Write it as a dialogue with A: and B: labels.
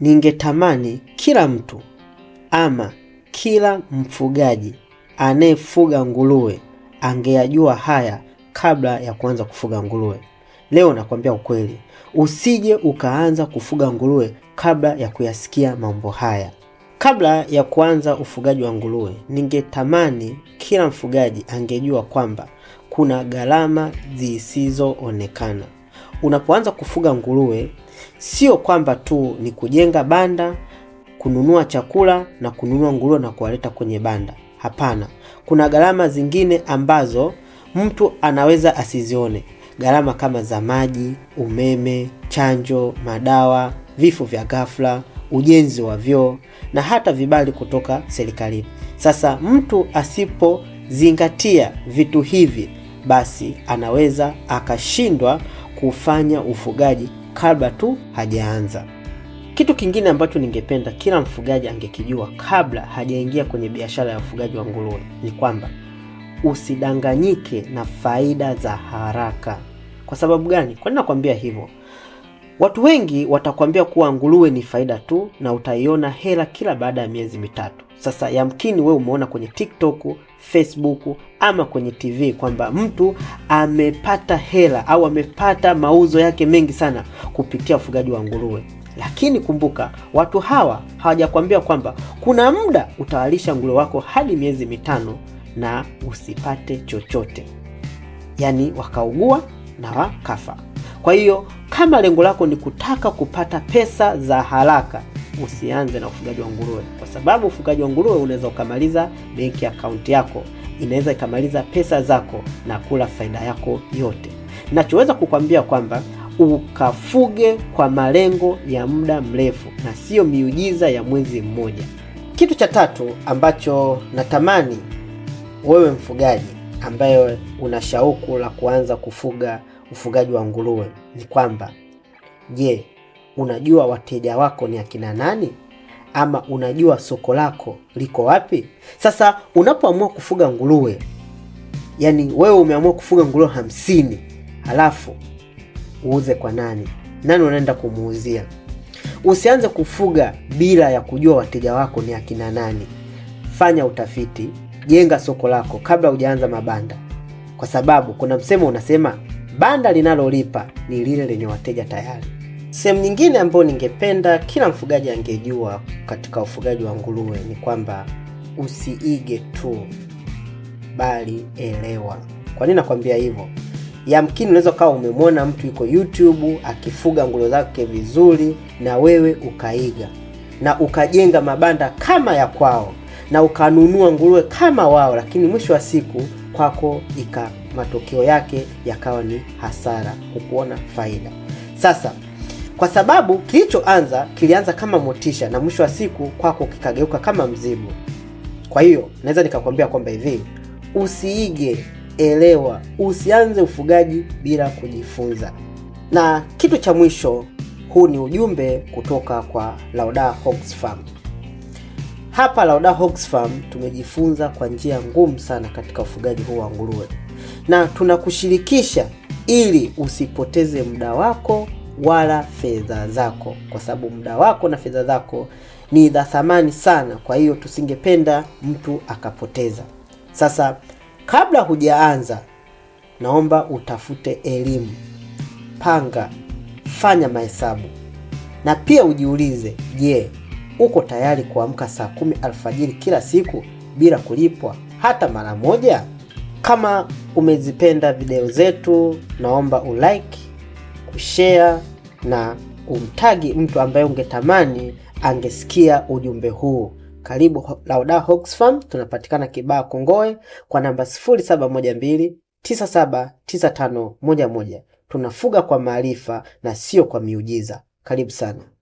A: Ningetamani kila mtu ama kila mfugaji anayefuga nguruwe angeyajua haya kabla ya kuanza kufuga nguruwe. Leo nakwambia ukweli, usije ukaanza kufuga nguruwe kabla ya kuyasikia mambo haya. Kabla ya kuanza ufugaji wa nguruwe, ningetamani kila mfugaji angejua kwamba kuna gharama zisizoonekana unapoanza kufuga nguruwe. Sio kwamba tu ni kujenga banda, kununua chakula na kununua nguruwe na kuwaleta kwenye banda. Hapana, kuna gharama zingine ambazo mtu anaweza asizione, gharama kama za maji, umeme, chanjo, madawa, vifo vya ghafla, ujenzi wa vyoo na hata vibali kutoka serikalini. Sasa mtu asipozingatia vitu hivi, basi anaweza akashindwa kufanya ufugaji kabla tu hajaanza. Kitu kingine ambacho ningependa kila mfugaji angekijua kabla hajaingia kwenye biashara ya ufugaji wa nguruwe ni kwamba usidanganyike na faida za haraka. Kwa sababu gani? Kwani nakwambia hivyo? Watu wengi watakwambia kuwa nguruwe ni faida tu na utaiona hela kila baada ya miezi mitatu. Sasa yamkini wewe umeona kwenye TikTok, Facebook ama kwenye TV kwamba mtu amepata hela au amepata mauzo yake mengi sana kupitia ufugaji wa nguruwe. Lakini kumbuka, watu hawa hawajakwambia kwamba kuna muda utawalisha nguruwe wako hadi miezi mitano na usipate chochote, yaani wakaugua na wakafa. Kwa hiyo kama lengo lako ni kutaka kupata pesa za haraka, usianze na ufugaji wa nguruwe, kwa sababu ufugaji wa nguruwe unaweza ukamaliza benki akaunti yako, inaweza ikamaliza pesa zako na kula faida yako yote. Nachoweza kukwambia kwamba ukafuge kwa malengo ya muda mrefu na siyo miujiza ya mwezi mmoja. Kitu cha tatu ambacho natamani wewe mfugaji ambayo una shauku la kuanza kufuga ufugaji wa nguruwe ni kwamba, je, unajua wateja wako ni akina nani? Ama unajua soko lako liko wapi? Sasa unapoamua kufuga nguruwe, yani wewe umeamua kufuga nguruwe hamsini, halafu uuze kwa nani? Nani unaenda kumuuzia? Usianze kufuga bila ya kujua wateja wako ni akina nani. Fanya utafiti, jenga soko lako kabla hujaanza mabanda, kwa sababu kuna msemo unasema Banda linalolipa ni lile lenye wateja tayari. Sehemu nyingine ambayo ningependa kila mfugaji angejua katika ufugaji wa nguruwe ni kwamba usiige tu, bali elewa. Kwa nini nakwambia hivyo? Yamkini unaweza ukawa umemwona mtu yuko YouTube akifuga nguruwe zake vizuri, na wewe ukaiga na ukajenga mabanda kama ya kwao na ukanunua nguruwe kama wao, lakini mwisho wa siku kwako, ika matokeo yake yakawa ni hasara, hukuona faida. Sasa kwa sababu kilichoanza kilianza kama motisha na mwisho wa siku kwako kikageuka kama mzimu Kwa hiyo naweza nikakwambia kwamba hivi, usiige, elewa, usianze ufugaji bila kujifunza. Na kitu cha mwisho, huu ni ujumbe kutoka kwa lauda Hawks Farm. Hapa Laoda Hogs Farm tumejifunza kwa njia ngumu sana katika ufugaji huu wa nguruwe, na tunakushirikisha ili usipoteze muda wako wala fedha zako, kwa sababu muda wako na fedha zako ni za thamani sana. Kwa hiyo tusingependa mtu akapoteza. Sasa kabla hujaanza, naomba utafute elimu, panga, fanya mahesabu na pia ujiulize, je, uko tayari kuamka saa kumi alfajiri kila siku bila kulipwa hata mara moja? Kama umezipenda video zetu, naomba ulike, kushare na umtagi mtu ambaye ungetamani angesikia ujumbe huu. Karibu Lauda Hogs Farm, tunapatikana Kibaha Kongowe kwa namba 0712979511. Tunafuga kwa maarifa na sio kwa miujiza. Karibu sana.